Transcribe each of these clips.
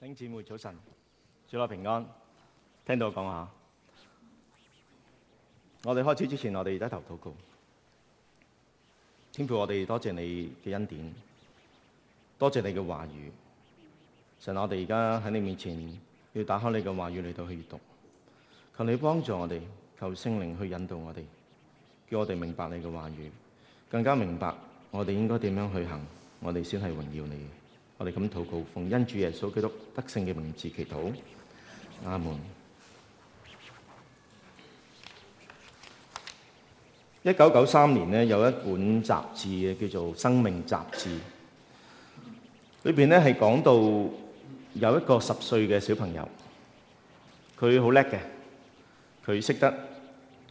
弟兄姊妹，早晨，主內平安，聽到我講話，我哋開始之前，我哋而家頭禱告，天父，我哋多謝你嘅恩典，多謝你嘅話語，神，我哋而家喺你面前，要打開你嘅話語嚟到去閱讀，求你幫助我哋，求聖靈去引導我哋，叫我哋明白你嘅話語，更加明白我哋應該點樣去行，我哋先係榮耀你。我哋咁禱告，奉恩主耶穌基督德勝嘅名字祈禱，阿門。一九九三年咧，有一本雜誌嘅叫做《生命雜誌》，裏邊咧係講到有一個十歲嘅小朋友，佢好叻嘅，佢識得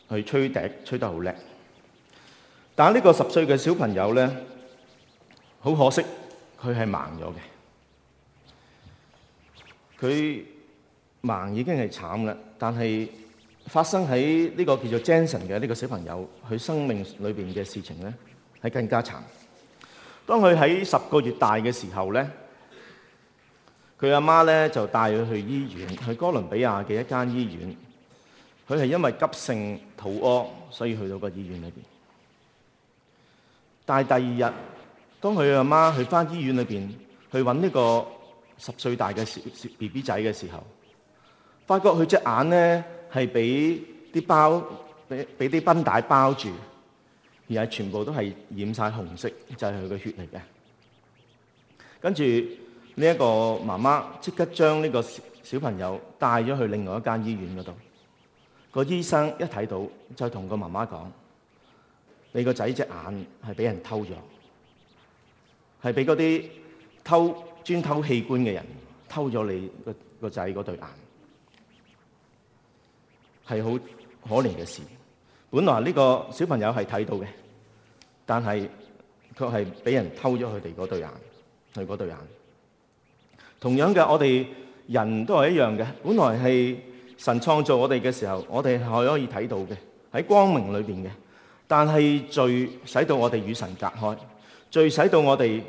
佢吹笛，吹得好叻。但係呢個十歲嘅小朋友咧，好可惜。佢係盲咗嘅，佢盲已經係慘啦。但係發生喺呢個叫做 Jensen 嘅呢個小朋友，佢生命裏邊嘅事情咧係更加慘。當佢喺十個月大嘅時候咧，佢阿媽咧就帶佢去醫院，去哥倫比亞嘅一間醫院。佢係因為急性肚屙，所以去到個醫院裏邊。但係第二日，當佢阿媽去翻醫院裏面，去揾呢個十歲大嘅小，小，小 B B 仔嘅時候，發覺佢隻眼咧係俾啲包俾俾啲繃帶包住，而係全部都係染晒紅色，就係佢嘅血嚟嘅。跟住呢一個媽媽即刻將呢個小，小朋友帶咗去另外一間醫院嗰度。個醫生一睇到，就同個媽媽講：你個仔隻眼係俾人偷咗。係俾嗰啲偷專偷器官嘅人偷咗你個個仔嗰對眼，係好可憐嘅事。本來呢個小朋友係睇到嘅，但係卻係俾人偷咗佢哋嗰對眼，佢嗰對眼。同樣嘅，我哋人都係一樣嘅。本來係神創造我哋嘅時候，我哋係可以睇到嘅，喺光明裏邊嘅。但係罪使到我哋與神隔開。最使到我哋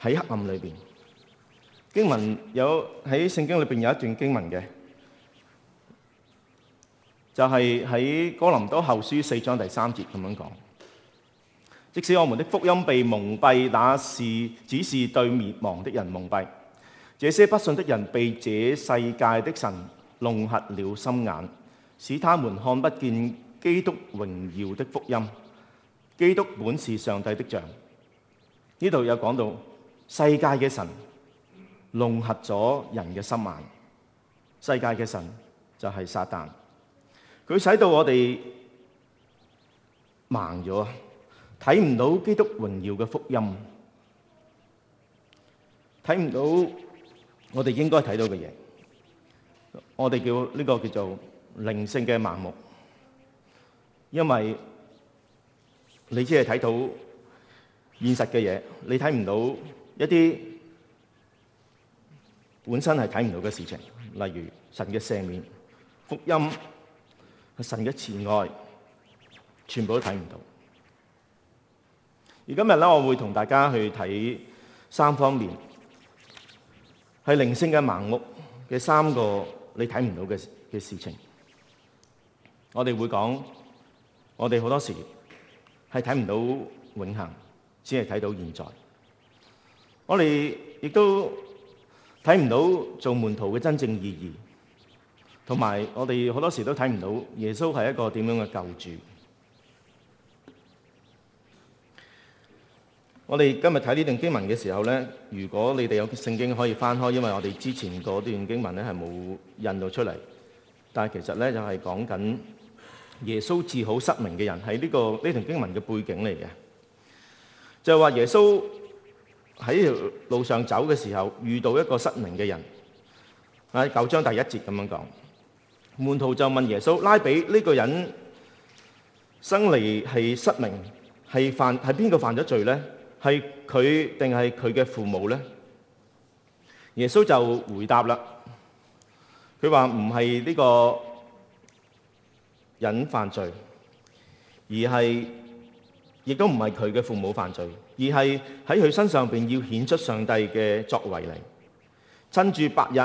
喺黑暗裏邊，經文有喺聖經裏邊有一段經文嘅，就係喺哥林多後書四章第三節咁樣講。即使我們的福音被蒙蔽，那是只是對滅亡的人蒙蔽。這些不信的人被這世界的神弄瞎了心眼，使他們看不見基督榮耀的福音。基督本是上帝的像。呢度有講到世界嘅神弄瞎咗人嘅心眼，世界嘅神就係撒旦，佢使到我哋盲咗，睇唔到基督榮耀嘅福音，睇唔到我哋應該睇到嘅嘢，我哋叫呢個叫做靈性嘅盲目，因為你只係睇到。現實嘅嘢，你睇唔到一啲本身係睇唔到嘅事情，例如神嘅赦免、福音、神嘅慈愛，全部都睇唔到。而今日咧，我會同大家去睇三方面，係靈性嘅盲目嘅三個你睇唔到嘅嘅事情。我哋會講，我哋好多時係睇唔到永恆。只係睇到現在，我哋亦都睇唔到做門徒嘅真正意義，同埋我哋好多時都睇唔到耶穌係一個點樣嘅救主。我哋今日睇呢段經文嘅時候咧，如果你哋有聖經可以翻開，因為我哋之前嗰段經文咧係冇印到出嚟，但係其實咧就係講緊耶穌治好失明嘅人，喺呢個呢段經文嘅背景嚟嘅。就話耶穌喺條路上走嘅時候，遇到一個失明嘅人，喺，九章第一節咁樣講。門徒就問耶穌：拉比，呢個人生嚟係失明，係犯係邊個犯咗罪咧？係佢定係佢嘅父母咧？耶穌就回答啦，佢話唔係呢個人犯罪，而係。亦都唔係佢嘅父母犯罪，而係喺佢身上邊要顯出上帝嘅作為嚟。趁住白日，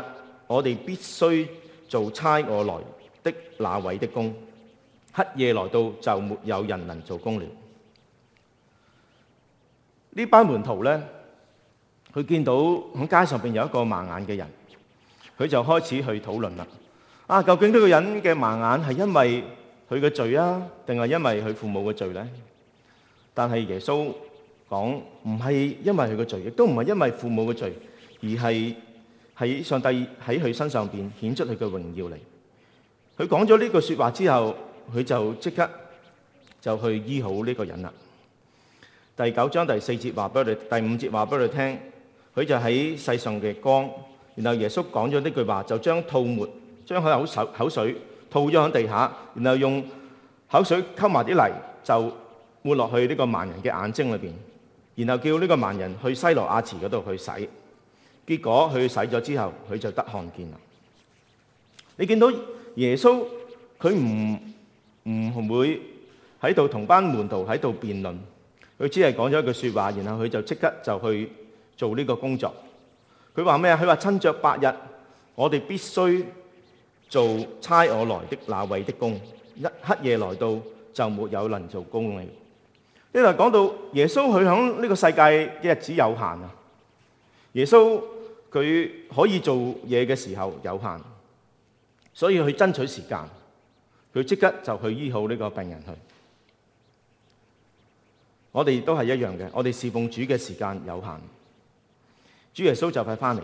我哋必須做差我來的那位的工。黑夜來到，就沒有人能做工了。呢 班門徒呢，佢見到喺街上邊有一個盲眼嘅人，佢就開始去討論啦。啊，究竟呢個人嘅盲眼係因為佢嘅罪啊，定係因為佢父母嘅罪呢？」但係耶穌講，唔係因為佢個罪，亦都唔係因為父母個罪，而係喺上帝喺佢身上邊顯出佢嘅榮耀嚟。佢講咗呢句説話之後，佢就即刻就去醫好呢個人啦。第九章第四節話俾你，第五節話俾你聽。佢就喺世上嘅光。然後耶穌講咗呢句話，就將吐沫，將佢口口水吐咗喺地下，然後用口水溝埋啲泥就。抹落去呢個盲人嘅眼睛裏邊，然後叫呢個盲人去西羅亞池嗰度去洗，結果佢洗咗之後，佢就得看見啦。你見到耶穌佢唔唔會喺度同班門徒喺度辯論，佢只係講咗一句説話，然後佢就即刻就去做呢個工作。佢話咩啊？佢話：趁著白日，我哋必須做差我來的那位的工；一黑夜來到，就沒有人能做工嘅。呢度講到耶穌佢喺呢個世界嘅日子有限啊，耶穌佢可以做嘢嘅時候有限，所以佢爭取時間，佢即刻就去醫好呢個病人去。我哋都係一樣嘅，我哋侍奉主嘅時間有限，主耶穌就快翻嚟。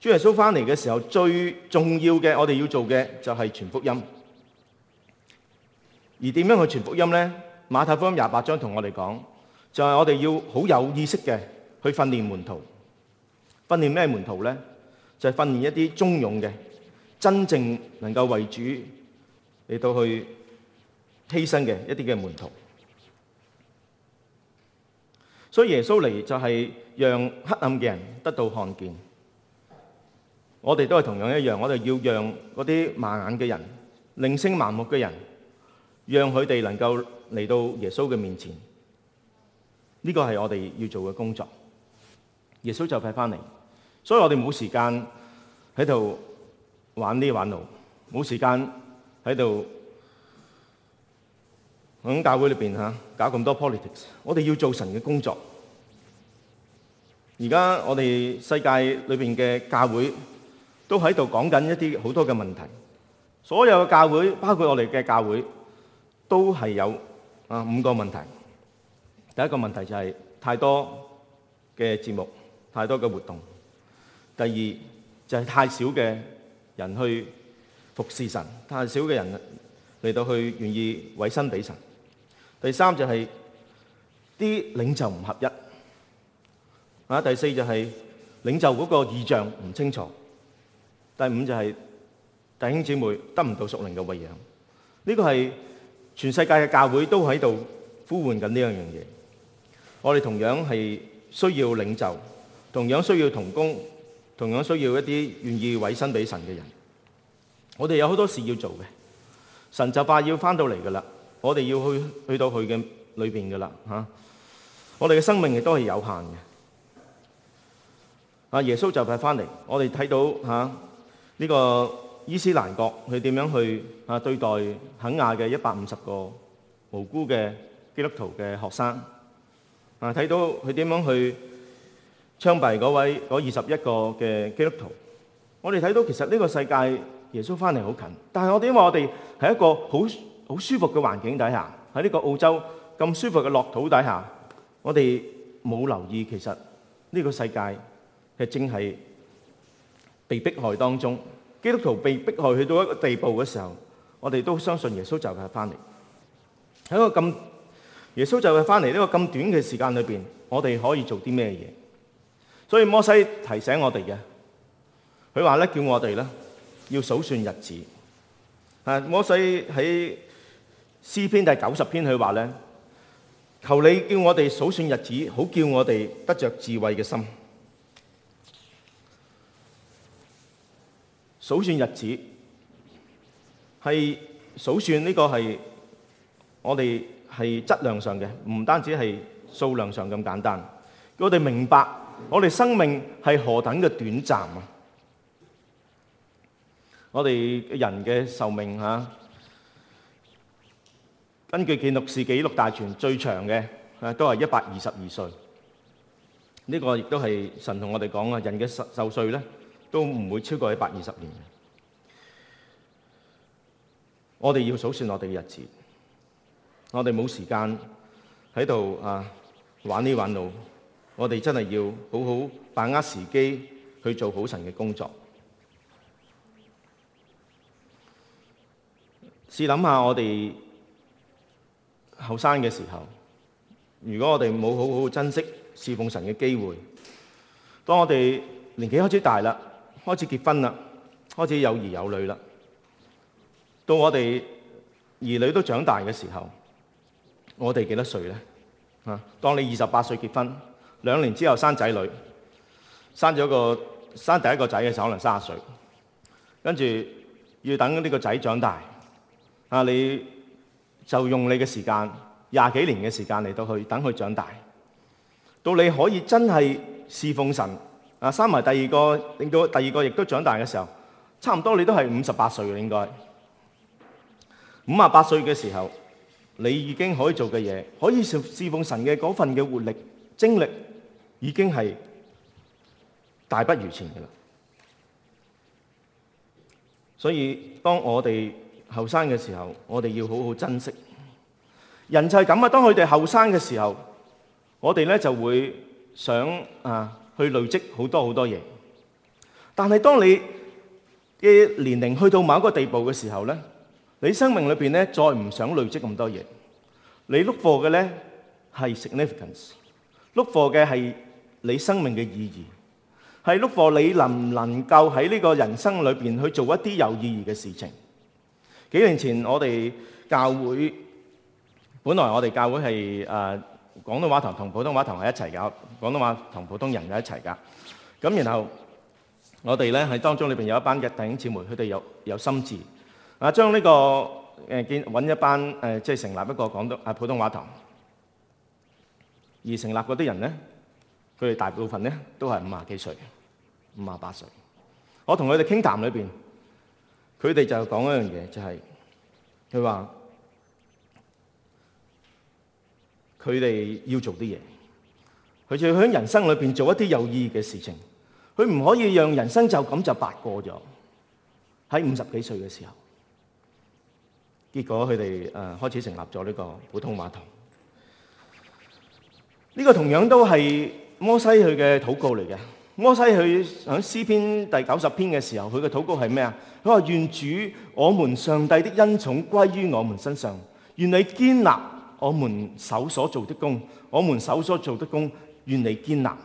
主耶穌翻嚟嘅時候，最重要嘅我哋要做嘅就係傳福音。而點樣去傳福音咧？馬太福音廿八章同我哋講，就係我哋要好有意識嘅去訓練門徒，訓練咩門徒咧？就係訓練一啲忠勇嘅，真正能夠為主嚟到去犧牲嘅一啲嘅門徒。所以耶穌嚟就係讓黑暗嘅人得到看見，我哋都係同樣一樣，我哋要讓嗰啲盲眼嘅人、靈性盲目嘅人，讓佢哋能夠。嚟到耶穌嘅面前，呢個係我哋要做嘅工作。耶穌就快翻嚟，所以我哋冇時間喺度玩呢玩路，冇時間喺度喺教會裏面嚇搞咁多 politics。我哋要做神嘅工作。而家我哋世界裏面嘅教會都喺度講緊一啲好多嘅問題。所有嘅教會，包括我哋嘅教會，都係有。啊，五個問題。第一個問題就係、是、太多嘅節目，太多嘅活動。第二就係、是、太少嘅人去服侍神，太少嘅人嚟到去願意委身俾神。第三就係、是、啲領袖唔合一。啊，第四就係、是、領袖嗰個異象唔清楚。第五就係、是、弟兄姊妹得唔到屬靈嘅餵養。呢、這個係。全世界嘅教會都喺度呼喚緊呢樣樣嘢，我哋同樣係需要領袖，同樣需要同工，同樣需要一啲願意委身俾神嘅人。我哋有好多事要做嘅，神就快要翻到嚟噶啦，我哋要去去到佢嘅裏邊噶啦嚇。我哋嘅生命亦都係有限嘅。阿耶穌就快翻嚟，我哋睇到嚇、這、呢個。伊斯蘭國佢點樣去啊，對待肯亞嘅一百五十個無辜嘅基督徒嘅學生啊，睇到佢點樣去槍斃嗰位嗰二十一個嘅基督徒？我哋睇到其實呢個世界耶穌翻嚟好近，但係我哋因為我哋喺一個好好舒服嘅環境底下，喺呢個澳洲咁舒服嘅樂土底下，我哋冇留意其實呢個世界係正係被迫害當中。基督徒被迫害去到一個地步嘅時候，我哋都相信耶穌就係翻嚟。喺一個咁，耶穌就會翻嚟呢個咁短嘅時間裏面，我哋可以做啲咩嘢？所以摩西提醒我哋嘅，佢話咧，叫我哋咧要數算日子。啊，摩西喺詩篇第九十篇佢話咧，求你叫我哋數算日子，好叫我哋得著智慧嘅心。數算日子係數算呢個係我哋係質量上嘅，唔單止係數量上咁簡單。叫我哋明白我哋生命係何等嘅短暫啊！我哋人嘅壽命吓，根據《記錄史記錄大全》，最長嘅啊都係一百二十二歲。呢個亦都係神同我哋講啊，人嘅壽壽歲咧。都唔會超過一百二十年。我哋要數算我哋嘅日子，我哋冇時間喺度啊玩呢玩路，我哋真係要好好把握時機去做好神嘅工作。試諗下我哋後生嘅時候，如果我哋冇好好珍惜侍奉神嘅機會，當我哋年紀開始大啦。開始結婚啦，開始有兒有女啦。到我哋兒女都長大嘅時候，我哋幾多歲咧？啊，當你二十八歲結婚，兩年之後生仔女，生咗個生第一個仔嘅時候，可能三十歲，跟住要等呢個仔長大，啊你就用你嘅時間廿幾年嘅時間嚟到去等佢長大，到你可以真係侍奉神。啊，生埋第二個，令到第二個亦都長大嘅時候，差唔多你都係五十八歲喇，應該，五啊八歲嘅時候，你已經可以做嘅嘢，可以侍侍奉神嘅嗰份嘅活力、精力，已經係大不如前嘅喇。所以當我哋後生嘅時候，我哋要好好珍惜。人就係咁啊，當佢哋後生嘅時候，我哋咧就會想啊～去累積好多好多嘢，但係當你嘅年齡去到某一個地步嘅時候咧，你生命裏邊咧再唔想累積咁多嘢，你 look for 嘅咧係 significance，look for 嘅係你生命嘅意義，係 look for 你能唔能夠喺呢個人生裏邊去做一啲有意義嘅事情。幾年前我哋教會，本來我哋教會係誒。廣東話堂同普通話堂係一齊㗎，廣東話同普通人係一齊㗎。咁然後我哋咧喺當中裏邊有一班嘅弟兄姊妹，佢哋有有心智。啊、這個，將呢個誒建揾一班誒，即、呃、係、就是、成立一個廣東啊普通話堂。而成立嗰啲人咧，佢哋大部分咧都係五廿幾歲，五廿八歲。我同佢哋傾談裏邊，佢哋就講一樣嘢，就係佢話。佢哋要做啲嘢，佢要喺人生裏邊做一啲有意義嘅事情。佢唔可以讓人生就咁就白過咗。喺五十幾歲嘅時候，結果佢哋誒開始成立咗呢個普通話堂。呢個同樣都係摩西佢嘅禱告嚟嘅。摩西佢喺詩篇第九十篇嘅時候，佢嘅禱告係咩啊？佢話願主我們上帝的恩寵歸於我們身上，願你堅立。我們手所做的工，我們手所做的工，願你堅立。呢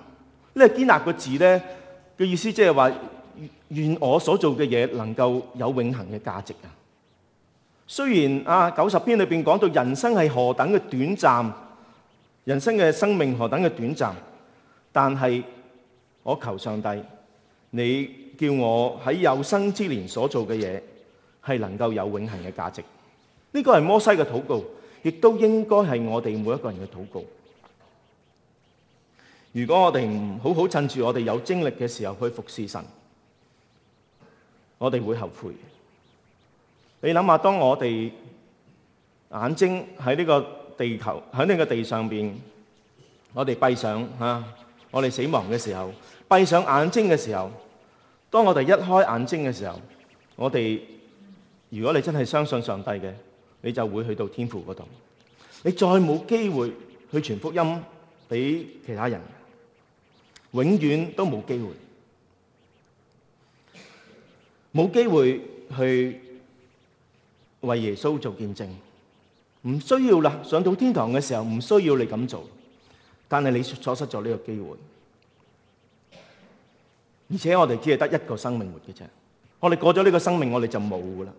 個堅立個字咧，嘅意思即係話，願我所做嘅嘢能夠有永恒嘅價值啊！雖然啊，九十篇裏邊講到人生係何等嘅短暫，人生嘅生命何等嘅短暫，但係我求上帝，你叫我喺有生之年所做嘅嘢係能夠有永恒嘅價值。呢個係摩西嘅禱告。亦都應該係我哋每一個人嘅禱告。如果我哋唔好好趁住我哋有精力嘅時候去服侍神，我哋會後悔。你諗下，當我哋眼睛喺呢個地球、喺呢個地上面，我哋閉上啊，我哋死亡嘅時候，閉上眼睛嘅時候，當我哋一開眼睛嘅時候，我哋，如果你真係相信上帝嘅。你就會去到天父嗰度，你再冇機會去傳福音俾其他人，永遠都冇機會，冇機會去為耶穌做見證，唔需要啦。上到天堂嘅時候，唔需要你咁做，但係你錯失咗呢個機會，而且我哋只係得一個生命活嘅啫，我哋過咗呢個生命，我哋就冇噶啦。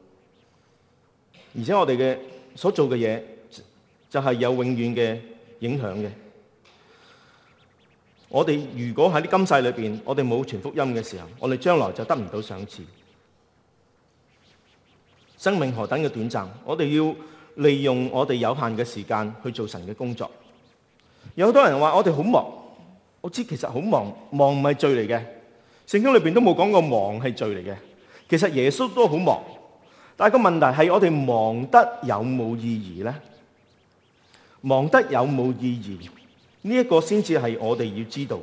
而且我哋嘅所做嘅嘢，就係有永遠嘅影響嘅。我哋如果喺啲今世裏邊，我哋冇傳福音嘅時候，我哋將來就得唔到賞賜。生命何等嘅短暫，我哋要利用我哋有限嘅時間去做神嘅工作。有好多人話我哋好忙，我知道其實好忙，忙唔係罪嚟嘅。聖經裏邊都冇講過忙係罪嚟嘅。其實耶穌都好忙。但係個問題係，我哋忙得有冇意義咧？忙得有冇意義？呢一個先至係我哋要知道。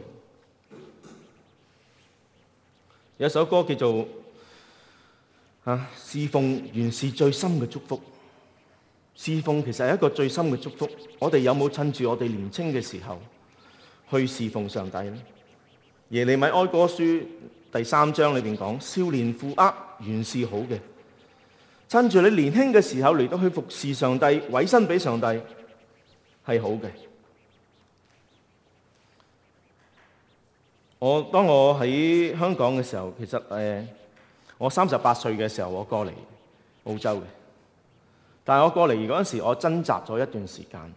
有一首歌叫做侍奉原是最深嘅祝福。侍奉其實係一個最深嘅祝福。我哋有冇趁住我哋年輕嘅時候去侍奉上帝咧？耶利米哀歌書第三章裏面講：少年負軛，原是好嘅。趁住你年輕嘅時候嚟到去服侍上帝、委身俾上帝係好嘅。我當我喺香港嘅時候，其實，呃，我三十八歲嘅時候我過嚟澳洲嘅，但係我過嚟嗰陣時，我掙扎咗一段時間，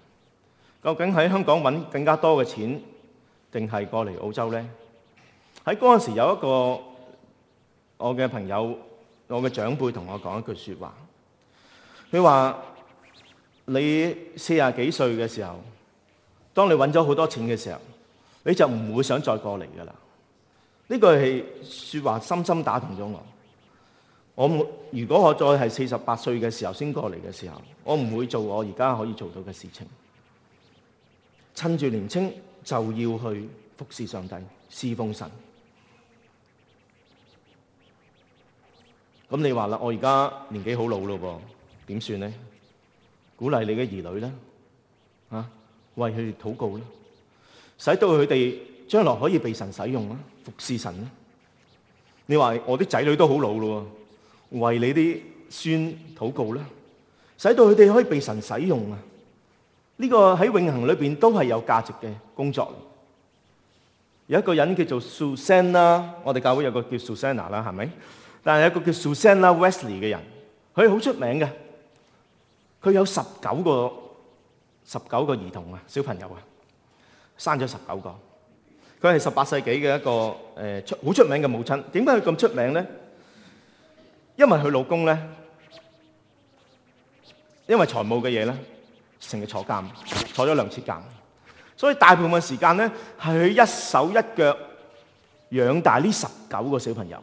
究竟喺香港搵更加多嘅錢，定係過嚟澳洲呢？喺嗰陣時有一個我嘅朋友。我嘅長輩同我講一句說話，佢話：你四十幾歲嘅時候，當你揾咗好多錢嘅時候，你就唔會想再過嚟噶啦。呢句係說話深深打動咗我。我如果我再係四十八歲嘅時候先過嚟嘅時候，我唔會做我而家可以做到嘅事情。趁住年青就要去服侍上帝，侍奉神。咁你話啦，我而家年紀好老咯，點算咧？鼓勵你嘅兒女咧，吓、啊、為佢哋禱告咧，使到佢哋將來可以被神使用啦，服侍神咧。你話我啲仔女都好老咯，為你啲孫禱告啦，使到佢哋可以被神使用啊！呢、這個喺永恒裏邊都係有價值嘅工作。有一個人叫做 Susan 啦，我哋教會有個叫 Susanna 啦，係咪？但係有個叫 Susanna Wesley 嘅人，佢係好出名嘅。佢有十九個、十九個兒童啊，小朋友啊，生咗十九個。佢係十八世紀嘅一個誒，好出名嘅母親。點解佢咁出名咧？因為佢老公咧，因為財務嘅嘢咧，成日坐監，坐咗兩次監，所以大部分時間咧係佢一手一腳養大呢十九個小朋友。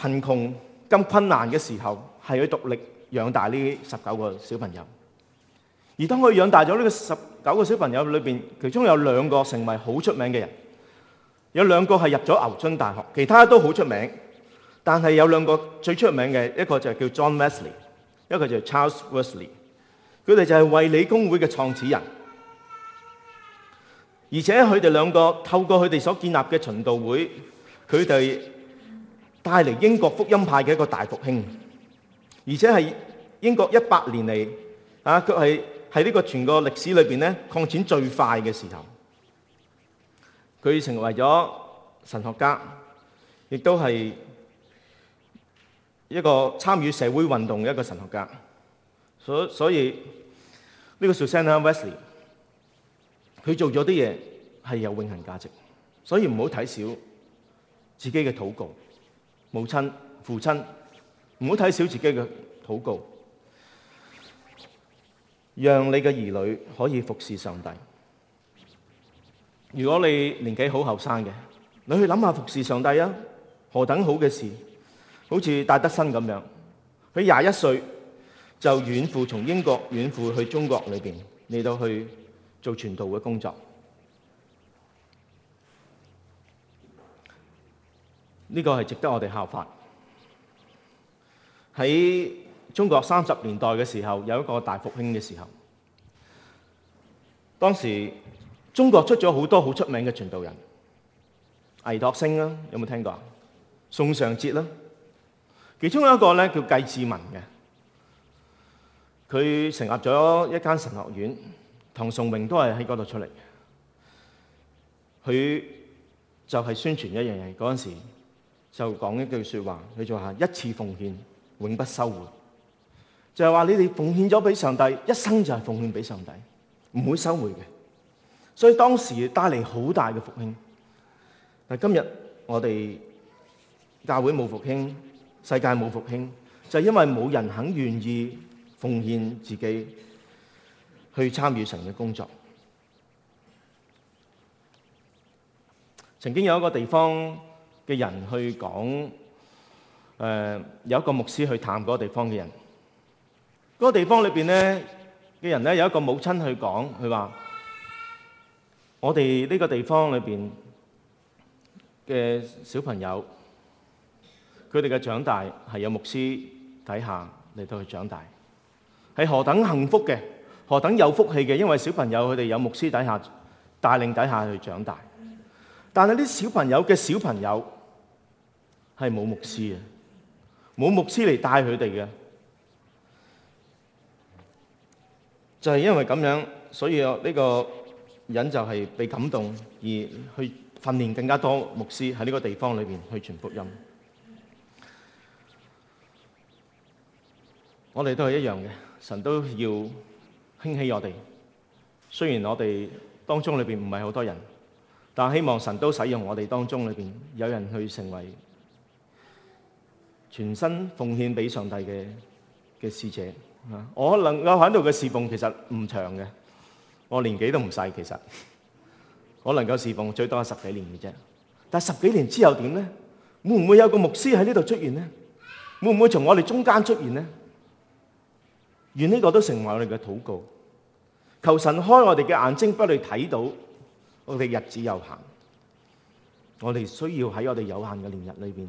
貧窮咁困難嘅時候，係佢獨力養大呢十九個小朋友。而當佢養大咗呢個十九個小朋友裏面，其中有兩個成為好出名嘅人，有兩個係入咗牛津大學，其他都好出名。但係有兩個最出名嘅，一個就係叫 John Wesley，一個就係 Charles Wesley。佢哋就係衛理公會嘅創始人，而且佢哋兩個透過佢哋所建立嘅巡道會，佢哋，帶嚟英國福音派嘅一個大復興，而且係英國一百年嚟啊，佢係喺呢個全個歷史裏面咧擴展最快嘅時候。佢成為咗神學家，亦都係一個參與社會運動嘅一個神學家。所所以呢個 Susanna Wesley，佢做咗啲嘢係有永恆價值，所以唔好睇少自己嘅禱告。母親、父親，唔好睇小自己嘅禱告，讓你嘅兒女可以服侍上帝。如果你年紀好後生嘅，你去諗下服侍上帝啊，何等好嘅事！好似戴德生咁樣，佢廿一歲就遠赴從英國遠赴去中國裏邊，嚟到去做傳道嘅工作。呢、這個係值得我哋效法。喺中國三十年代嘅時候，有一個大復興嘅時候。當時中國出咗好多好出名嘅傳道人，倪柝聲啦，有冇聽過啊？宋尚節啦，其中有一個咧叫計志文嘅，佢成立咗一間神學院，唐崇榮都係喺嗰度出嚟。佢就係宣傳一樣嘢嗰陣時。就講一句説話，佢就話一次奉獻，永不收回。就係話你哋奉獻咗俾上帝，一生就係奉獻俾上帝，唔會收回嘅。所以當時帶嚟好大嘅復興。但今日我哋教會冇復興，世界冇復興，就係因為冇人肯願意奉獻自己去參與神嘅工作。曾經有一個地方。嘅人去講，誒有一個牧師去探嗰個地方嘅人，嗰個地方裏面呢，嘅人咧有一個母親去講，佢話：我哋呢個地方裏面嘅小朋友，佢哋嘅長大係有牧師底下嚟到去長大，係何等幸福嘅，何等有福氣嘅，因為小朋友佢哋有牧師底下帶領底下去長大。但係啲小朋友嘅小朋友。係冇牧師嘅，冇牧師嚟帶佢哋嘅，就係因為咁樣，所以呢個人就係被感動而去訓練更加多牧師喺呢個地方裏面去傳福音。我哋都係一樣嘅，神都要興起我哋。雖然我哋當中裏面唔係好多人，但希望神都使用我哋當中裏面有人去成為。全身奉獻俾上帝嘅嘅侍者，我能夠喺度嘅侍奉其實唔長嘅，我年紀都唔細，其實我能夠侍奉最多係十幾年嘅啫。但十幾年之後點咧？會唔會有個牧師喺呢度出現咧？會唔會從我哋中間出現咧？願呢個都成為我哋嘅禱告，求神開我哋嘅眼睛，幫你睇到我哋日子有限，我哋需要喺我哋有限嘅年日裏面。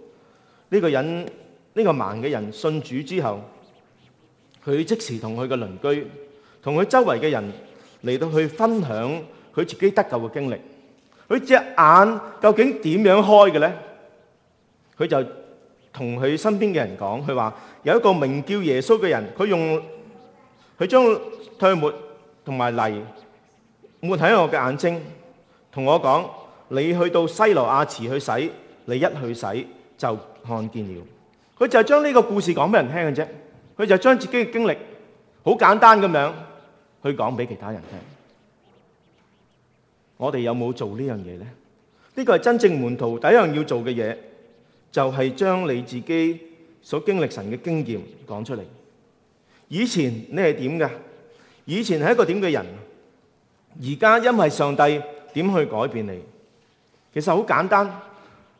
呢、這個人呢、這個盲嘅人信主之後，佢即時同佢嘅鄰居、同佢周圍嘅人嚟到去分享佢自己得救嘅經歷。佢隻眼究竟點樣開嘅咧？佢就同佢身邊嘅人講：佢話有一個名叫耶穌嘅人，佢用佢將唾沫同埋泥抹喺我嘅眼睛，同我講：你去到西羅亞池去洗，你一去洗。就看見了，佢就將呢個故事講俾人聽嘅啫。佢就將自己嘅經歷好簡單咁樣去講俾其他人聽。我哋有冇做呢樣嘢咧？呢個係真正門徒第一樣要做嘅嘢，就係將你自己所經歷神嘅經驗講出嚟。以前你係點噶？以前係一個點嘅人？而家因為上帝點去改變你？其實好簡單。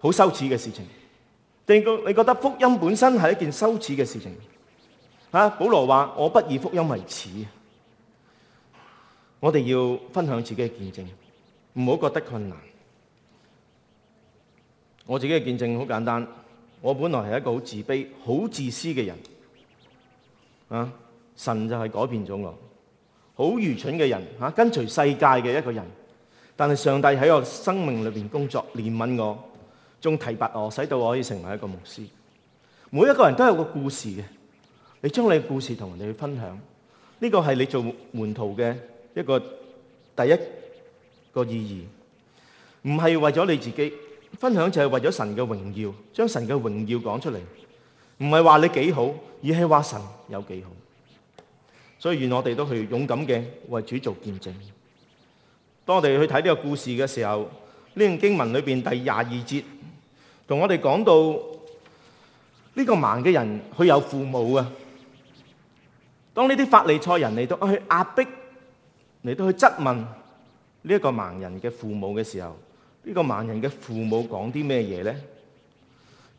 好羞恥嘅事情，定個你覺得福音本身係一件羞恥嘅事情？保羅話：我不以福音為恥。我哋要分享自己嘅見證，唔好覺得困難。我自己嘅見證好簡單，我本來係一個好自卑、好自私嘅人啊。神就係改變咗我，好愚蠢嘅人，跟隨世界嘅一個人，但係上帝喺我生命裏面工作，憐憫我。仲提拔我，使到我可以成為一個牧師。每一個人都有個故事嘅，你將你嘅故事同人哋去分享，呢個係你做門徒嘅一個第一個意義，唔係為咗你自己分享，就係為咗神嘅榮耀，將神嘅榮耀講出嚟。唔係話你幾好，而係話神有幾好。所以願我哋都去勇敢嘅為主做見證。當我哋去睇呢個故事嘅時候，呢段經文裏邊第廿二節。同我哋講到呢個盲嘅人，佢有父母啊。當呢啲法利賽人嚟到去壓迫，嚟到去質問呢一個盲人嘅父母嘅時候，呢個盲人嘅父母講啲咩嘢咧？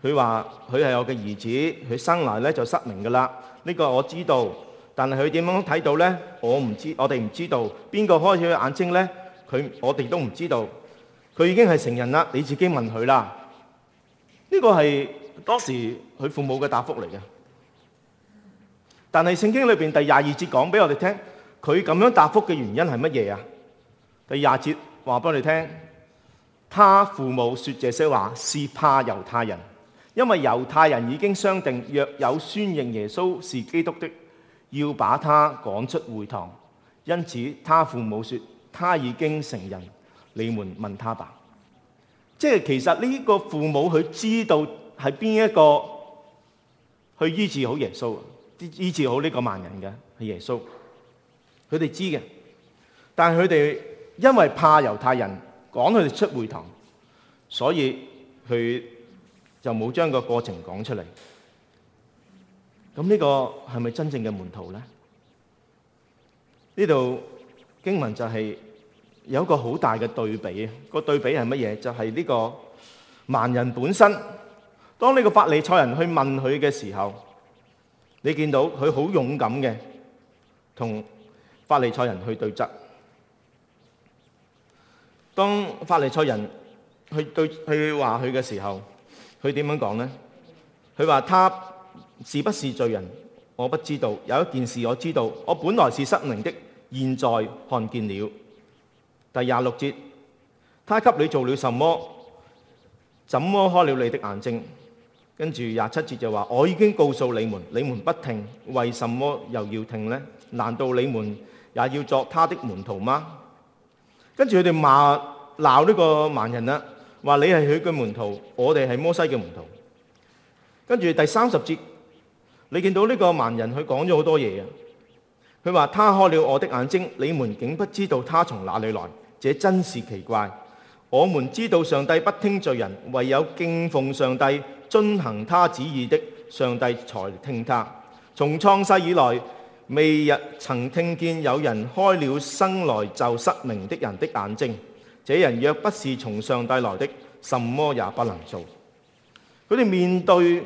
佢話：佢係我嘅兒子，佢生來咧就失明噶啦。呢個我知道，但係佢點樣睇到咧？我唔知，我哋唔知道邊個開咗佢眼睛咧？佢我哋都唔知道。佢已經係成人啦，你自己問佢啦。呢、這個係當時佢父母嘅答覆嚟嘅，但係聖經裏邊第廿二節講俾我哋聽，佢咁樣答覆嘅原因係乜嘢啊？第廿二節話俾我哋聽，他父母説這，這些話是怕猶太人，因為猶太人已經商定，若有宣認耶穌是基督的，要把他趕出會堂。因此他父母説，他已經承認，你們問他吧。即係其實呢個父母佢知道係邊一個去醫治好耶穌，醫治好呢個盲人嘅係耶穌，佢哋知嘅。但係佢哋因為怕猶太人趕佢哋出會堂，所以佢就冇將個過程講出嚟。咁呢個係咪真正嘅門徒咧？呢度經文就係、是。有一個好大嘅對比啊！個對比係乜嘢？就係呢個盲人本身，當呢個法利賽人去問佢嘅時候，你見到佢好勇敢嘅，同法利賽人去對質。當法利賽人去對去話佢嘅時候，佢點樣講呢？佢話：他是不是罪人？我不知道。有一件事我知道，我本來是失明的，現在看見了。第廿六節，他給你做了什麼？怎麼開了你的眼睛？跟住廿七節就話：我已經告訴你們，你們不聽，為什麼又要聽呢？難道你們也要作他的門徒嗎？跟住佢哋罵鬧呢個盲人啦，話你係佢嘅門徒，我哋係摩西嘅門徒。跟住第三十節，你見到呢個盲人佢講咗好多嘢啊！佢話：他開了我的眼睛，你們竟不知道他從哪裏來。這真是奇怪。我們知道上帝不聽罪人，唯有敬奉上帝、遵行祂旨意的，上帝才聽他。從創世以來，未日曾聽見有人開了生來就失明的人的眼睛。這人若不是從上帝來的，什麼也不能做。佢哋面對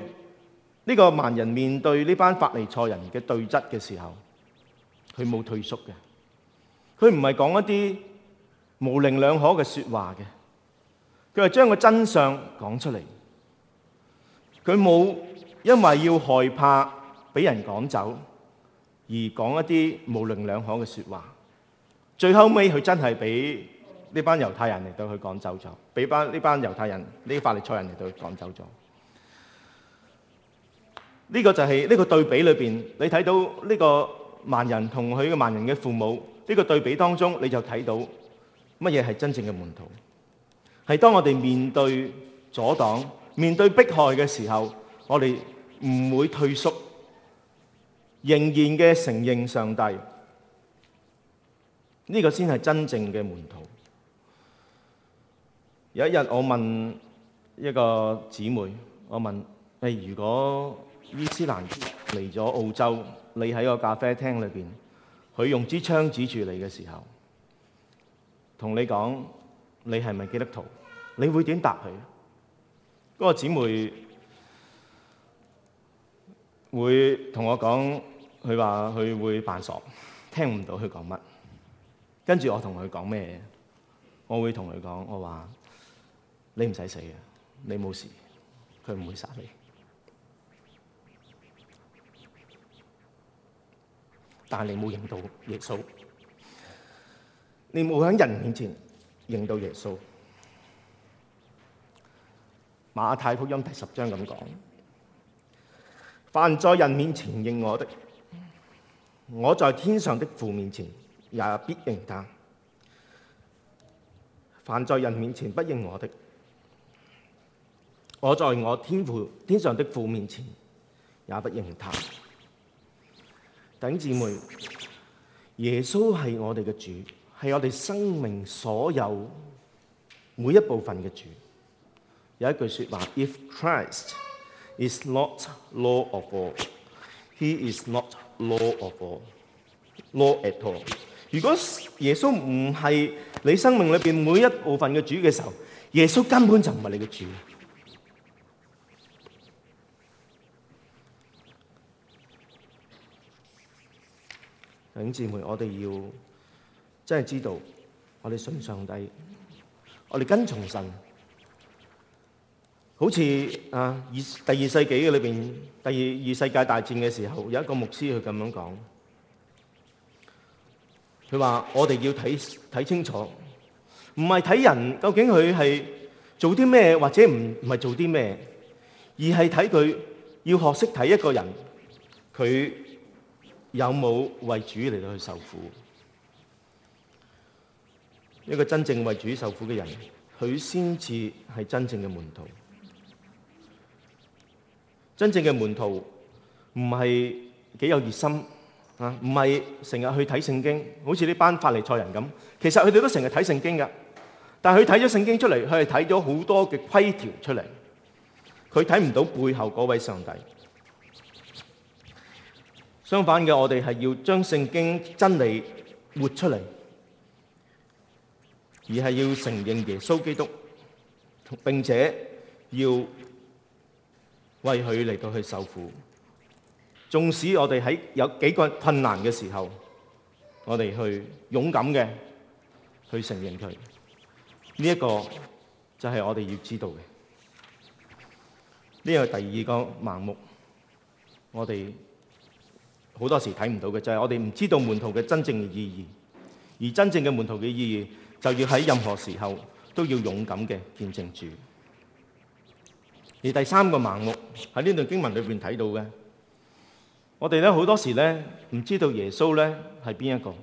呢個盲人，面對呢班法利賽人嘅對質嘅時候，佢冇退縮嘅。佢唔係講一啲模棱兩可嘅説話嘅，佢係將個真相講出嚟。佢冇因為要害怕俾人趕走而講一啲模棱兩可嘅説話。最後尾佢真係俾呢班猶太人嚟到佢趕走咗，俾班呢班猶太人呢啲法利賽人嚟到佢趕走咗。呢個就係呢個對比裏邊，你睇到呢個盲人同佢嘅盲人嘅父母呢個對比當中，你就睇到。乜嘢係真正嘅門徒？係當我哋面對阻擋、面對迫害嘅時候，我哋唔會退縮，仍然嘅承認上帝。呢個先係真正嘅門徒。有一日我問一個姊妹，我問，誒，如果伊斯蘭嚟咗澳洲，你喺個咖啡廳裏面，佢用支槍指住你嘅時候？同你講，你係咪基督徒？你會點答佢？嗰個姊妹會同我講，佢話佢會扮傻，聽唔到佢講乜。跟住我同佢講咩？我會同佢講，我話你唔使死嘅，你冇事，佢唔會殺你，但係你冇認到耶穌。你冇喺人面前認到耶穌，馬太福音第十章咁講：凡在人面前認我的，我在天上的父面前也必認他；凡在人面前不認我的，我在我天父天上的父面前也不認他。弟兄姊妹，耶穌係我哋嘅主。係我哋生命所有每一部分嘅主，有一句說話：If Christ is not law of all, He is not law of all, law at all。如果耶穌唔係你生命裏邊每一部分嘅主嘅時候，耶穌根本就唔係你嘅主。弟兄姊妹，我哋要。真係知道，我哋信上帝，我哋跟從神。好似啊，二第二世紀嘅裏面，第二二世界大戰嘅時候，有一個牧師佢咁樣講，佢話：我哋要睇睇清楚，唔係睇人究竟佢係做啲咩，或者唔唔係做啲咩，而係睇佢要學識睇一個人，佢有冇為主嚟到去受苦。一個真正為主受苦嘅人，佢先至係真正嘅門徒。真正嘅門徒唔係幾有熱心啊，唔係成日去睇聖經，好似呢班法利賽人咁。其實佢哋都成日睇聖經㗎，但係佢睇咗聖經出嚟，佢係睇咗好多嘅規條出嚟，佢睇唔到背後嗰位上帝。相反嘅，我哋係要將聖經真理活出嚟。而係要承認耶穌基督，並且要為佢嚟到去受苦。縱使我哋喺有幾個困難嘅時候，我哋去勇敢嘅去承認佢。呢一個就係我哋要知道嘅。呢個第二個盲目，我哋好多時睇唔到嘅，就係我哋唔知道門徒嘅真正嘅意義，而真正嘅門徒嘅意義。就要喺任何時候都要勇敢嘅見證住。而第三個盲目喺呢段經文裏邊睇到嘅，我哋咧好多時咧唔知道耶穌咧係邊一個，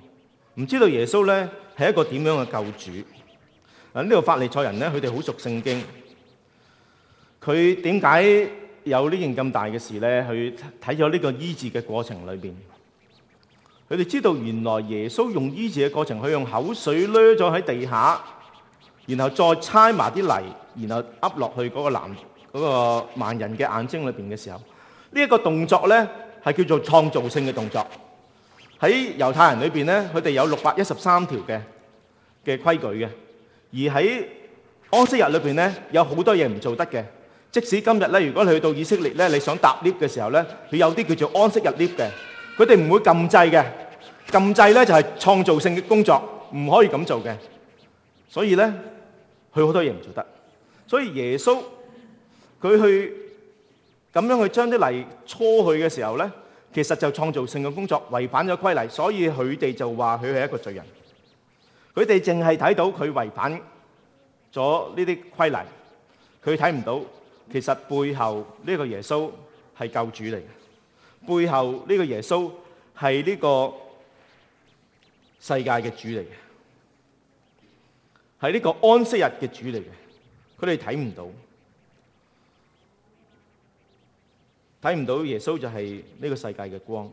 唔知道耶穌咧係一個點樣嘅救主。啊，呢度法利賽人咧，佢哋好熟聖經，佢點解有呢件咁大嘅事咧？去睇咗呢個醫治嘅過程裏邊。佢哋知道原來耶穌用醫治嘅過程，佢用口水掠咗喺地下，然後再猜埋啲泥，然後噏落去嗰個男嗰個、那個、盲人嘅眼睛裏邊嘅時候，呢、這、一個動作呢，係叫做創造性嘅動作。喺猶太人裏邊呢，佢哋有六百一十三條嘅嘅規矩嘅，而喺安息日裏邊呢，有好多嘢唔做得嘅。即使今日呢，如果你去到以色列呢，你想搭 lift 嘅時候呢，佢有啲叫做安息日 lift 嘅。佢哋唔會禁制嘅，禁制咧就係創造性嘅工作，唔可以咁做嘅。所以咧，佢好多嘢唔做得。所以耶穌佢去咁樣去將啲泥搓去嘅時候咧，其實就創造性嘅工作，違反咗規例，所以佢哋就話佢係一個罪人。佢哋淨係睇到佢違反咗呢啲規例，佢睇唔到其實背後呢個耶穌係救主嚟嘅。背後呢個耶穌係呢個世界嘅主嚟嘅，係呢個安息日嘅主嚟嘅，佢哋睇唔到，睇唔到耶穌就係呢個世界嘅光。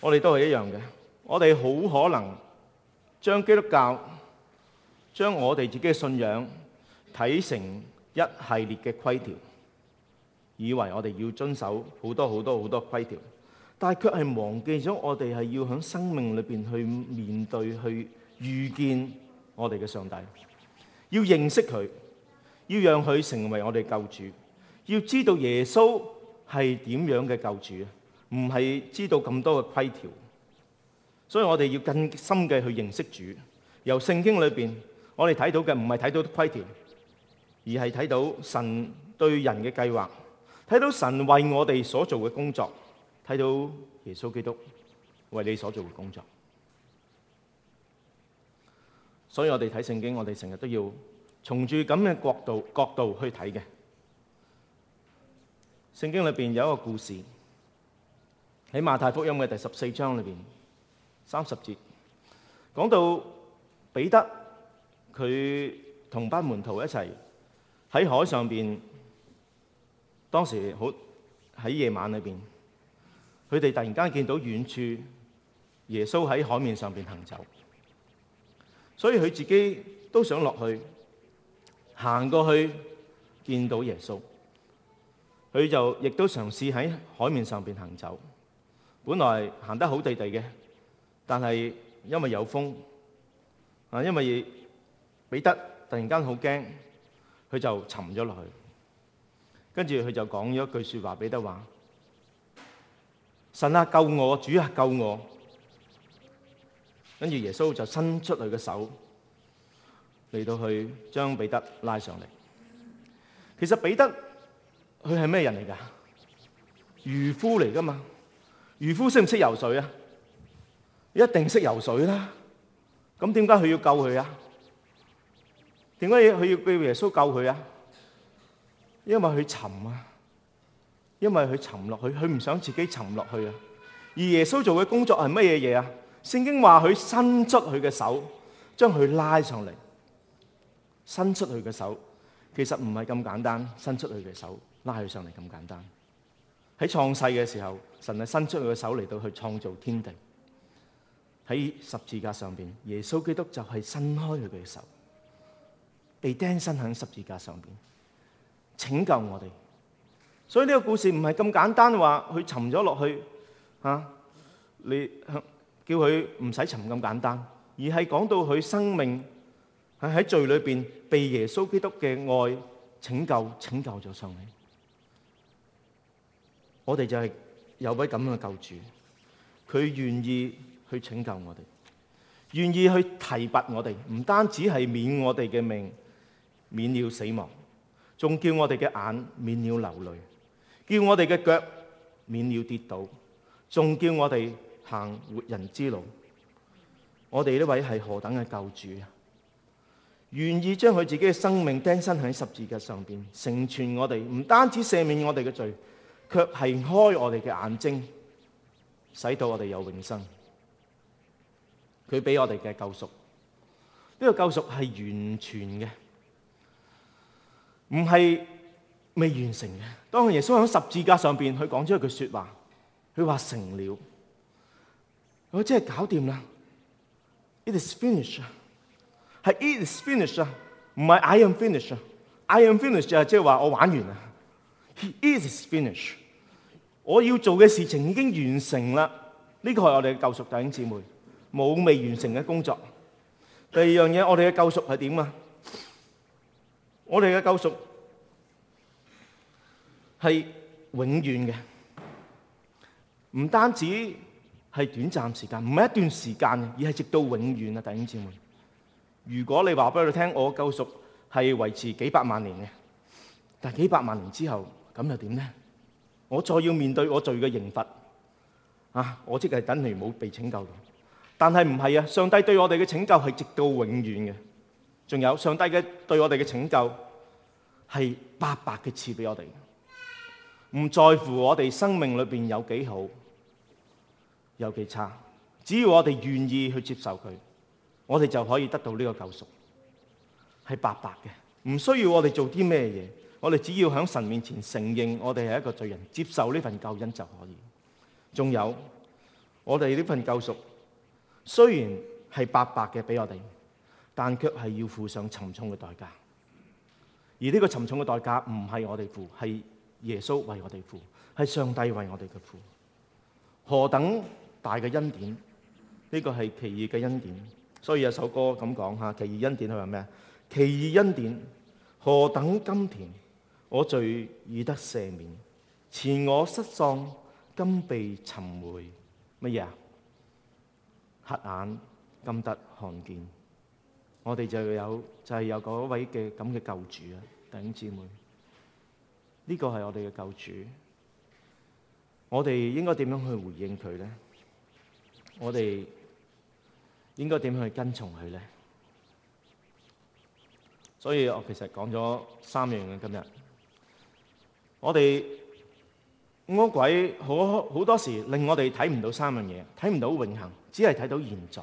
我哋都係一樣嘅，我哋好可能將基督教、將我哋自己嘅信仰睇成一系列嘅規條。以為我哋要遵守好多好多好多規條，但係卻係忘記咗我哋係要喺生命裏面去面對、去遇見我哋嘅上帝，要認識佢，要讓佢成為我哋救主，要知道耶穌係點樣嘅救主，唔係知道咁多嘅規條。所以我哋要更深嘅去認識主。由聖經裏面，我哋睇到嘅唔係睇到規條，而係睇到神對人嘅計劃。睇到神為我哋所做嘅工作，睇到耶穌基督為你所做嘅工作，所以我哋睇聖經，我哋成日都要從住咁嘅角度角度去睇嘅。聖經裏邊有一個故事喺馬太福音嘅第十四章裏邊三十節，講到彼得佢同班門徒一齊喺海上邊。當時好喺夜晚裏面，佢哋突然間見到遠處耶穌喺海面上邊行走，所以佢自己都想落去行過去見到耶穌。佢就亦都嘗試喺海面上邊行走，本來行得好地地嘅，但係因為有風啊，因為彼得突然間好驚，佢就沉咗落去。跟住佢就講咗一句說話彼得話：神啊救我，主啊救我！跟住耶穌就伸出佢嘅手嚟到去將彼得拉上嚟。其實彼得佢係咩人嚟噶？漁夫嚟噶嘛？漁夫識唔識游水啊？一定識游水啦。咁點解佢要救佢啊？點解要佢要叫耶穌救佢啊？因為佢沉啊，因為佢沉落去，佢唔想自己沉落去啊。而耶穌做嘅工作係乜嘢嘢啊？聖經話佢伸出佢嘅手，將佢拉上嚟。伸出佢嘅手，其實唔係咁簡單，伸出佢嘅手拉佢上嚟咁簡單。喺創世嘅時候，神係伸出佢嘅手嚟到去創造天地。喺十字架上邊，耶穌基督就係伸開佢嘅手，被釘身喺十字架上邊。拯救我哋，所以呢個故事唔係咁簡單話佢沉咗落去，吓，你叫佢唔使沉咁簡單，而係講到佢生命係喺罪裏邊被耶穌基督嘅愛拯救、拯救咗上嚟。我哋就係有位咁樣嘅救主，佢願意去拯救我哋，願意去提拔我哋，唔單止係免我哋嘅命，免了死亡。仲叫我哋嘅眼免了流淚，叫我哋嘅腳免了跌倒，仲叫我哋行活人之路。我哋呢位係何等嘅救主啊！願意將佢自己嘅生命釘身喺十字架上邊，成全我哋，唔單止赦免我哋嘅罪，卻係開我哋嘅眼睛，使到我哋有永生。佢俾我哋嘅救贖，呢、這個救贖係完全嘅。唔係未完成嘅。當耶穌喺十字架上邊，佢講咗一句說話，佢話成了，我真係搞掂啦。It is finished，係 It is finished 啊，唔係 I am finished，I am finished 啊，即係話我玩完啦。He is finished，我要做嘅事情已經完成啦。呢個係我哋嘅救贖弟兄姊妹，冇未完成嘅工作。第二樣嘢，我哋嘅救贖係點啊？我們的救贖是永遠的，不單止是短暫時間，不是一段時間而是直到永遠啊！弟兄姊妹，如果你話俾我聽，我的救贖是維持幾百萬年的，但係幾百萬年之後，咁又點呢？我再要面對我罪嘅刑罰啊！我即係等於沒有被拯救。但是不是啊！上帝對我哋嘅拯救係直到永遠的。仲有上帝嘅對我哋嘅拯救係白白嘅賜俾我哋，唔在乎我哋生命裏邊有幾好有幾差，只要我哋願意去接受佢，我哋就可以得到呢個救贖，係白白嘅，唔需要我哋做啲咩嘢，我哋只要響神面前承認我哋係一個罪人，接受呢份救恩就可以。仲有我哋呢份救贖，雖然係白白嘅俾我哋，但卻係要付上沉重嘅代價，而呢個沉重嘅代價唔係我哋付，係耶穌為我哋付，係上帝為我哋嘅付。何等大嘅恩典？呢個係奇異嘅恩典。所以有首歌咁講吓：奇異恩典係咩啊？奇異恩典何等甘甜，我罪已得赦免，前我失喪今被尋回。乜嘢啊？瞎眼今得看見。我哋就要有，就係有嗰位嘅咁嘅救主啊，弟兄姊妹，呢個係我哋嘅救主。我哋應該點樣去回應佢咧？我哋應該點樣去跟從佢咧？所以我其實講咗三樣嘅今日，我哋魔鬼好好多時令我哋睇唔到三樣嘢，睇唔到永恆，只係睇到現在。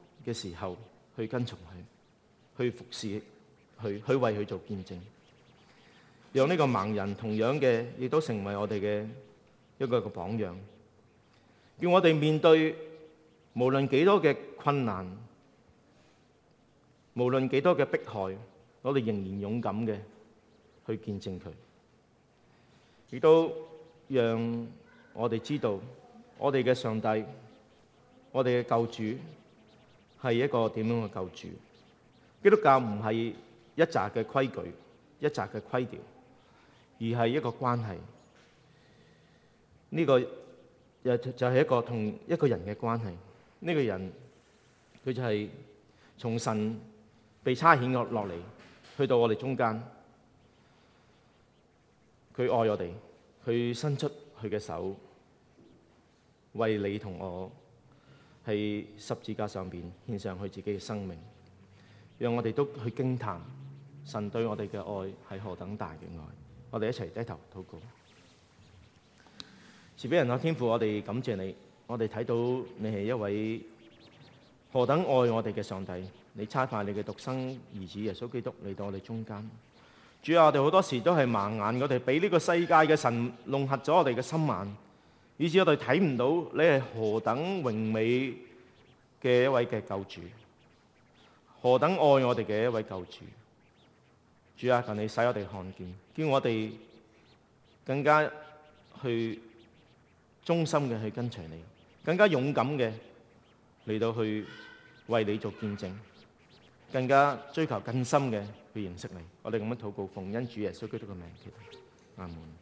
嘅時候去跟從佢，去服侍，去去為佢做見證，讓呢個盲人同樣嘅亦都成為我哋嘅一個一個榜樣，要我哋面對無論幾多嘅困難，無論幾多嘅迫害，我哋仍然勇敢嘅去見證佢，亦都讓我哋知道我哋嘅上帝，我哋嘅救主。係一個點樣嘅救主？基督教唔係一紮嘅規矩，一紮嘅規條，而係一個關係。呢個又就係一個同一個人嘅關係。呢個人佢就係從神被差遣落落嚟，去到我哋中間。佢愛我哋，佢伸出佢嘅手，為你同我。喺十字架上邊獻上佢自己嘅生命，讓我哋都去驚嘆神對我哋嘅愛係何等大嘅愛。我哋一齊低頭禱告。慈悲俾人嘅天父，我哋感謝你。我哋睇到你係一位何等愛我哋嘅上帝。你差派你嘅獨生兒子耶穌基督嚟到我哋中間。主啊，我哋好多時都係盲眼，我哋俾呢個世界嘅神弄瞎咗我哋嘅心眼。以致我哋睇唔到你係何等榮美嘅一位嘅救主，何等愛我哋嘅一位救主。主啊，求你使我哋看見，叫我哋更加去忠心嘅去跟隨你，更加勇敢嘅嚟到去為你做見證，更加追求更深嘅去認識你。我哋咁樣禱告奉恩主耶穌基督嘅名，阿門。